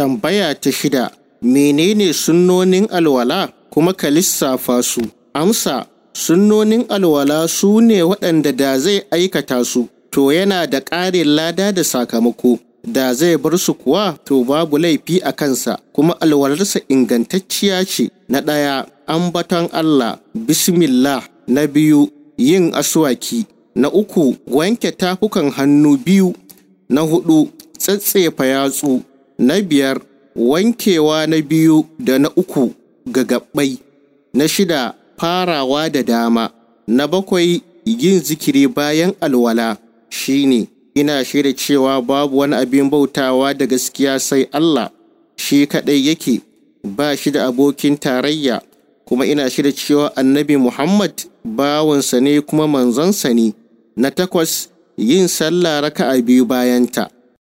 Tambaya ta shida, menene sunnonin alwala kuma ka lissafa su? Amsa, sunnonin alwala su ne waɗanda da zai aikata su, to yana da ƙarin lada da sakamako. Da zai bar su kuwa to babu laifi a kansa, kuma alwalarsa ingantacciya ce. Na ɗaya, ambaton Allah, bismillah. Na biyu, yin aswaki. Na uku, wanke tafukan hannu biyu. Na hudu, tsatsefa yatsu. Na biyar, wankewa na biyu da na uku ga gaɓai Na shida, farawa da dama. Na bakwai, yin zikiri bayan alwala shi ne, ina shirya cewa babu wani abin bautawa da gaskiya sai Allah, shi kaɗai yake, ba shi da abokin tarayya, kuma ina shirya cewa annabi Muhammad bawansa ne kuma manzansa ne. Na takwas, yin sallah raka'a biyu bayanta.